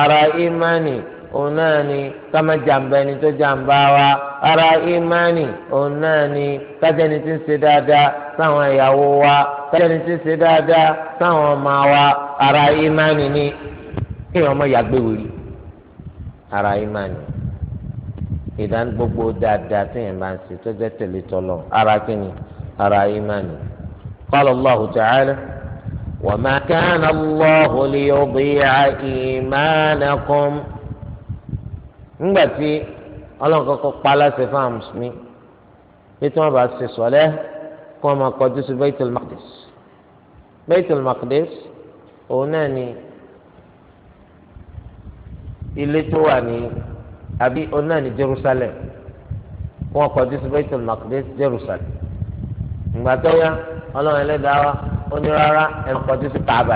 ara imani. òun náà ni ká má jàǹbá ẹni tó wa ara ìmánì òun náà ni kájẹni tí ń ṣe dáadáa sáwọn ìyàwó wa kájẹni tí ń ṣe dáadáa sáwọn ọmọ wa ara ìmánì ni kéèyàn ọmọ yàgbé ara ìmánì ìdáni gbogbo dáadáa téèyàn bá ń ṣe tó jẹ́ tẹ̀lé tọ́lọ̀ ara kíni ara ìmánì. قال الله تعالى وما كان الله ليضيع إيمانكم ńgbà tí ọlọ́run kọ́kọ́ pa aláṣẹ fún àwọn mùsùlùmí bí tí wọ́n bá ṣe sọ̀lẹ́ kó wọ́n máa kọjú sí Baitul Maqdis Baitul Maqdis òun náà ni ilé tó wà ní àbí òun náà ni Jerusalem wọ́n kọjú sí Baitul Maqdis Jerusalem ìgbà tó yá ọlọ́run ẹlẹ́dàá wa ó ní rárá ẹ̀ kọjú sí Kaaba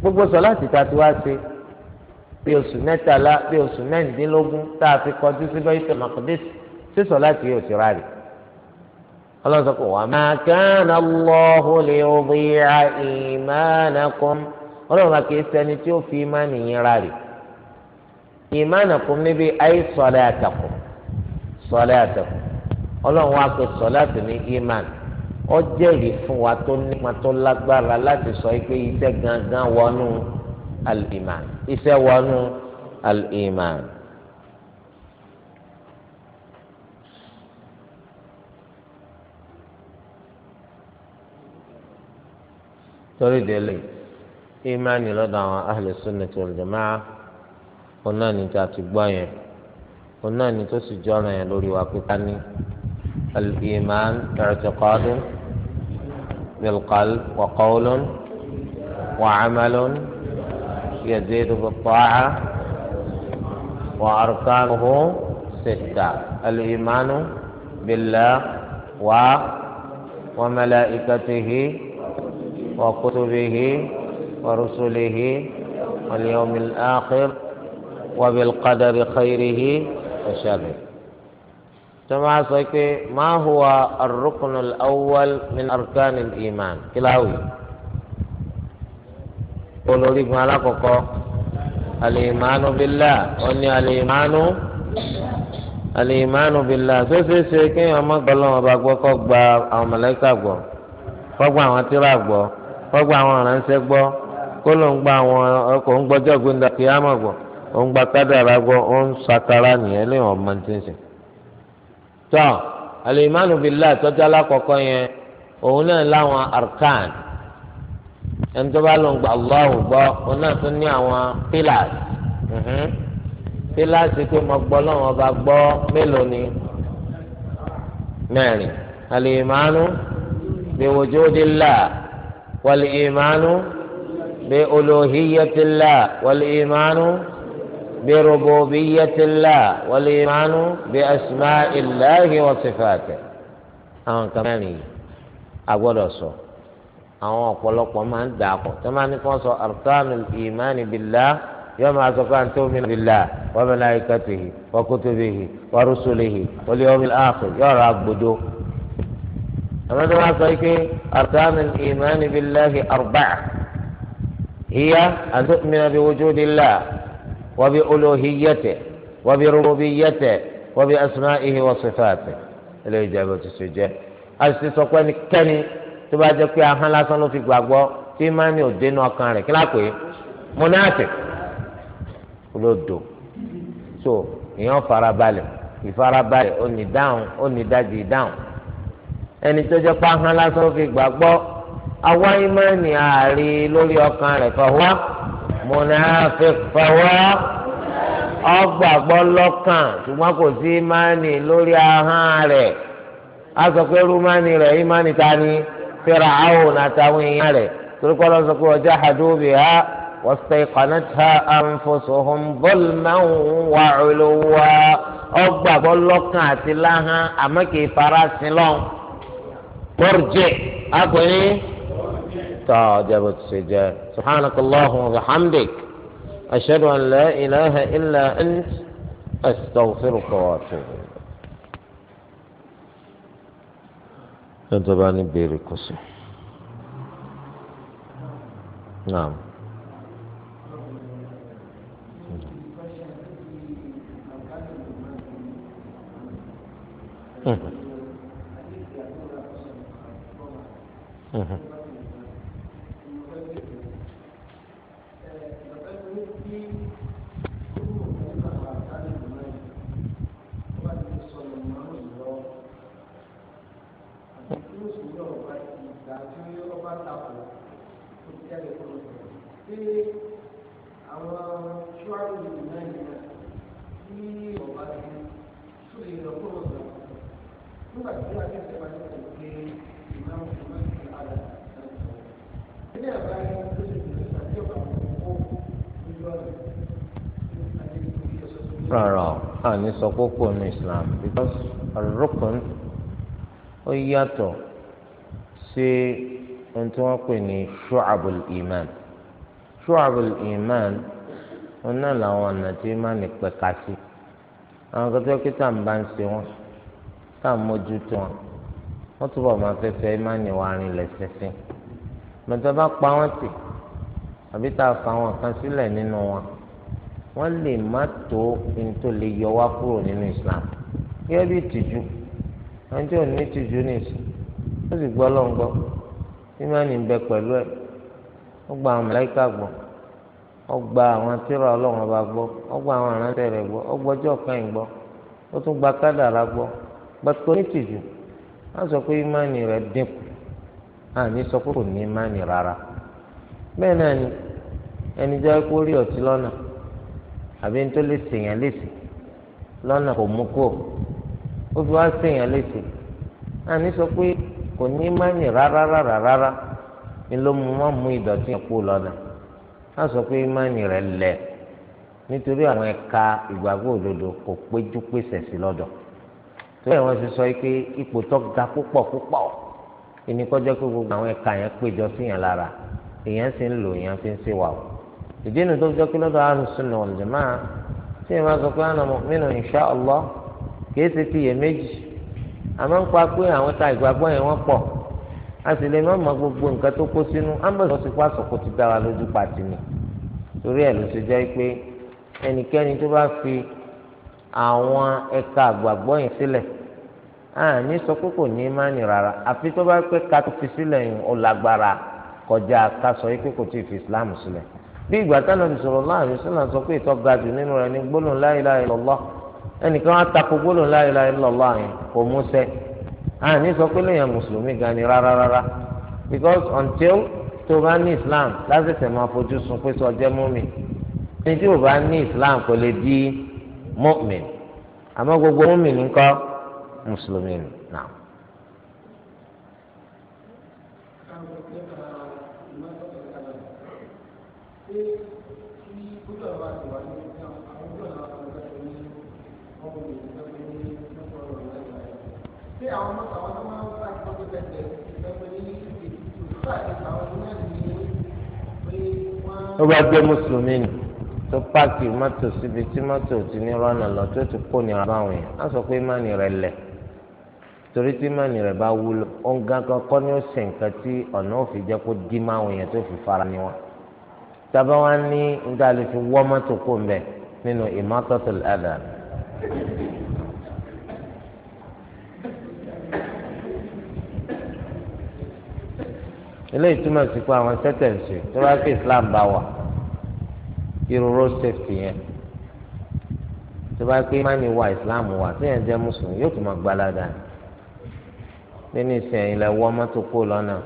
gbogbo sọ láti ta tí wá ṣe bí oṣù mẹ́tàlá bí oṣù mẹ́rìndínlógún tá a fi kọjú sí Baitul Maqdis sísọ láti yóò ti ráàlì. ọlọ́run sọ pé wa ma kana Allahu li yudi'a imanakum ọlọ́run bá kì í ṣẹni tí ó fi ìmánì yín ráàlì. imanakum níbi ayé salatakum salatakum ọlọ́run wá pé salatu ní ìmánì ó jẹ́rìí fún wa tó nípa tó lágbára láti sọ pé iṣẹ́ gangan wọnú al iṣẹ́ wọnú al-iman. torí délé ìmánì lọ́dọ̀ àwọn ahlu sunnati wal jamaa ọ̀nà ni tó ti gbọ́ yẹn ọ̀nà ni tó sì jọ́ra yẹn lórí wa pípa ní al-iman i'tiqadun bil qalb wa qawlun wa amalun. يزيد بالطاعة وأركانه ستة الإيمان بالله و وملائكته وكتبه ورسله واليوم الآخر وبالقدر خيره وشره كما ما هو الركن الأول من أركان الإيمان كلاوي olórígun alákọ̀ọ́kọ́ alìmánu bílà wọ́n ní alìmánu alìmánu bílà ṣéṣeṣe kéèyàn má gbọ́ lọ́wọ́ bá gbọ́ kó gba àwọn mọ̀lẹ́kà gbọ́ kó gba àwọn tírà gbọ́ kó gba àwọn aránṣẹ́ gbọ́ kó ló ń gba àwọn ọkọ̀ ń gbọ́jọ́ gbẹ́ndà kíámọ̀ gbọ́ ó ń gba kádàrá gbọ́ ó ń sakara nìyẹn léèyàn ọmọ tí tọ́ alìmánu bílà tọ́jú alákọ̀ọ́kọ́ yẹn òun náà láwọn arkan ẹni tó bá lọ ń gba Allahu gbọ́ òun náà tún ní àwọn pillars mhm. pillars pé mo gbọ́ lọ́wọ́ ọba gbọ́ mélòó ni mẹ́rin al-imanu bi wujudillah wal-imanu bi uluhiyatillah wal-imanu bi rububiyatillah wal-imanu bi asma'illahi wa sifatihi àwọn kan mẹ́rin yìí sọ. So àwọn ọ̀pọ̀lọpọ̀ máa ń dà pọ̀ tó máa ní kí wọ́n sọ arkanul imani billah yóò máa sọ fún àti omi billah wa malaikatihi wa kutubihi wa rusulihi wal yawmil akhir yóò rà gbódò. àwọn tó máa sọ yìí pé arkanul imani billahi arba'a hiya an tu'mina bi wujudillah wa bi uluhiyyatihi wa bi rububiyyatihi wa bi asma'ihi wa sifatihi. ilé ìjọba ti ṣe jẹ́ àti tó bá jẹ́ pé ahọ́n lásán ló fi gbàgbọ́ tí imáni ò dénú ọkàn rẹ̀ kí lápè mọ́nàtì olódò so èèyàn farabalẹ̀ ìfarabalẹ̀ onídáhùn onídàjì ìdáhùn ẹni tó jẹ́ pé ahọ́n lásán ló fi gbàgbọ́ awa imáni ààrí lórí ọkàn rẹ̀ fọwọ́ mọ́nàtì fọwọ́ ọgbàgbọ́ lọ́kàn ṣùgbọ́n kò sí imáni lórí ahọ́n rẹ̀ a sọ pé rúmánì rẹ̀ imáni ta ni. Fir'aun àtàwọn èèyàn rẹ̀ torí kọ́ lọ́sọ̀ pé wajahadu biha wastayqanatha anfusuhum zulman wa 'uluwa ọgbàgbọ́ lọ́kàn àti láhán àmọ́ kì í fara sin lọ́n tọ́rjẹ́ àgbẹ̀yìn tọ́ ọjà bó ti ṣe jẹ́ subhanakallahumma wa bihamdik ashhadu an la ilaha illa ant astaghfiruka wa atubu. tó bá ní béèrè kò sí. Mm-hmm. mm-hmm. ń takò ó ti jáde kúrò pé àwọn ṣúwárò ìlú náà yìí tí ọba ti tó lè lọ kúrò lọ nígbà tí wọ́n ti ṣe wájú kò pé ìmọ̀ ìmọ̀ ti àlà náà sọ. ilé ẹ̀ka ni ó ti bẹ̀rẹ̀ àti ọ̀gá òkú lójú ọ̀rẹ́ rárá o a ní sọ kókó ní Islam because arúgbó ó yàtọ̀ sí ohun tí wọ́n pè ní shu'abul iman shu'abul iman wọn náà làwọn ọ̀nà tí iman pẹ̀ka sí àwọn kẹtẹ́ kíta ń bá ń ṣe wọn tá à ń mójútó wọn wọ́n túbọ̀ máa fẹ́fẹ́ iman wà rìnlẹ̀ sẹ́sìn mọ̀tọ́ bá pa wọ́n tì àbí tá a fa àwọn kan sílẹ̀ nínú wọn wọ́n lè má tó ohun tó lè yọ wá kúrò nínú Islam gẹ́gẹ́ bí ìtìjú ẹni tí ò ní ìtìjú nìyí ó sì gbọ́ lọ́ngbọ́n. ìmánì ń bẹ pẹ̀lú ẹ̀ ó gba àwọn màláíkà gbọ́ ó gba àwọn tírà ọlọ́run ọba gbọ́ ó gba àwọn aránṣẹ́ rẹ̀ gbọ́ ó gbọ́jọ́ kẹ́yìn gbọ́ ó tún gba kádàrá gbọ́ gbàtúkọ́ ní á sọ pé ìmánì rẹ̀ dínkù sọ pé kò ní ìmánì rárá ni ẹni jẹ́ kó rí ọtí lọ́nà àbí ní tó lè lọ́nà kò mú kó kò ní mánì rárá rárá rárá ni ló mú wọn mú ìdọ̀tí yẹn kú lọ́nà wọn sọ pé mánì rẹ̀ lẹ̀ nítorí àwọn ẹ̀ka ìgbàgbọ́ òdodo kò péjú pèsè sí lọ́dọ̀ torí àwọn ti sọ pé ipò tó ga púpọ̀ púpọ̀ ìníkọ́jọ́ pé gbogbo àwọn ẹ̀ka yẹn péjọ sí yẹn lára èèyàn sì ń lò èèyàn fi ń ṣe wà o ìdí inú tó jẹ́ pé lọ́dọ̀ àlùsùnà wal tí èèyàn máa sọ pé àná mọ̀ mí àmọ́ ń pa pé àwọn ta ìgbàgbọ́ yẹn wọ́n pọ̀ a sì lè má mọ gbogbo nǹkan tó kó sínú ámbẹ̀sọ̀ ti pa sọ̀kò ti dára lójú pàtì ni torí ẹ̀ ló ṣe jẹ́ pé ẹnikẹ́ni tó bá fi àwọn ẹ̀ka àgbàgbọ́ yẹn sílẹ̀ àní sọ pé kò ní ìmánì rárá àfi tó bá pẹ́ ká tó fi sílẹ̀ yìí ó lágbára kọjá ká sọ pé kò tí ì fi Islam sílẹ̀ bí ìgbà táwọn ìṣòro láàrin sílẹ̀ sọ pé ìtọ́gajù nínú rẹ̀ ní gbólóhùn la ilaha illallah ẹnìkan á takò gbólóhùn la ilaha illallah yẹn kò mú sẹ́ àní sọ pé lèèyàn mùsùlùmí gan ni rárá rárá because until tó bá ní islam lásìkò máa fojú sun pé sọ jẹ́ mọ́mì ẹni tí ò bá ní islam kò lè di mọ́mì àmọ́ gbogbo mọ́mì nìkan mùsùlùmí ni. ṣé àwọn mọ́tò àwọn tó máa ń wá ìtọ́jú pẹ̀pẹ̀ ìfẹ́pẹ́ ní ìdìbò tó àdìgbà àwọn ọdún náà ní pé wọ́n. ó bá gbé mùsùlùmí nì tó páàkì mọ́tò síbi tí mọ́tò ti ní rọ́nà lọ tó ti kó nira báwọn yẹn á sọ pé má nira lẹ̀ torí tí má nira bá wúlò ó kan kọ́ ní ó nǹkan tí ọ̀nà òfin jẹ́ kó dí máwọn yẹn tó fi fara ni wọn tábà wá ní níta lè fi wọ́ mọ́tò kó ń bẹ̀ nínú ìmọ́tọ́tò ẹ̀dà eléyìí túmọ̀ sí pé àwọn sẹ́tẹ̀ǹsì tó bá fi islam bá wà irú road safety yẹn tó bá pé mání wà islam wà téèyàn jẹ́ mùsùlùmí yóò tún máa gbalada nínú ìsìn ẹ̀yìn lẹ wọ́ mọ́tò kó lọ́nà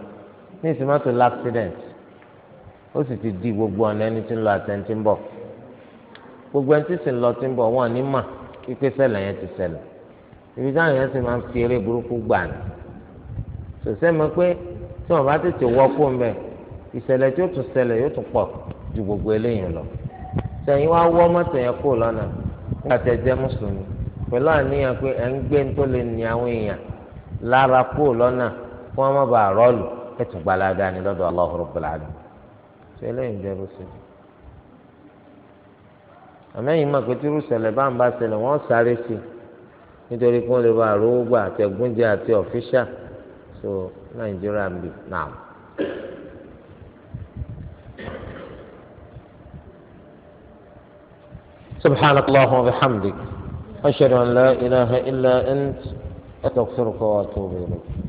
ní ìsìn mọ́tò l'accident ó sì ti di gbogbo ọ̀nà ẹni tí ń lọ àti ẹni tí ń bọ̀ gbogbo ẹni tí sì ń lọ tí ń bọ̀ wọn ní mà pípé ṣẹlẹ̀ yẹn ti ṣẹlẹ̀ ibi táwọn yẹn sì máa ń fi eré burúkú gbà ní sòsẹ́ mi pé tí wọn bá tètè wọkú mbẹ ìṣẹ̀lẹ̀ tí ó tún ṣẹlẹ̀ yóò tún ju gbogbo eléyìí lọ sẹ́yìn wá wọ mọ́tò yẹn kó lọnà nígbà tẹ́ jẹ́ mùsùlùmí pẹ̀lú àníyàn pé ẹ ń gbé tó lè ní àwọn èèyàn lára kó kí wọn má bàa rọlù gbalaga ni lọ́dọ̀ Allahu Rabbul Alamin ṣe jẹ bó ṣe àmẹ́yìn sele pé bá ń bá sáré sí nítorí nàìjíríà ń سبحانك اللهم وبحمدك أشهد أن لا إله إلا أنت أستغفرك وأتوب إليك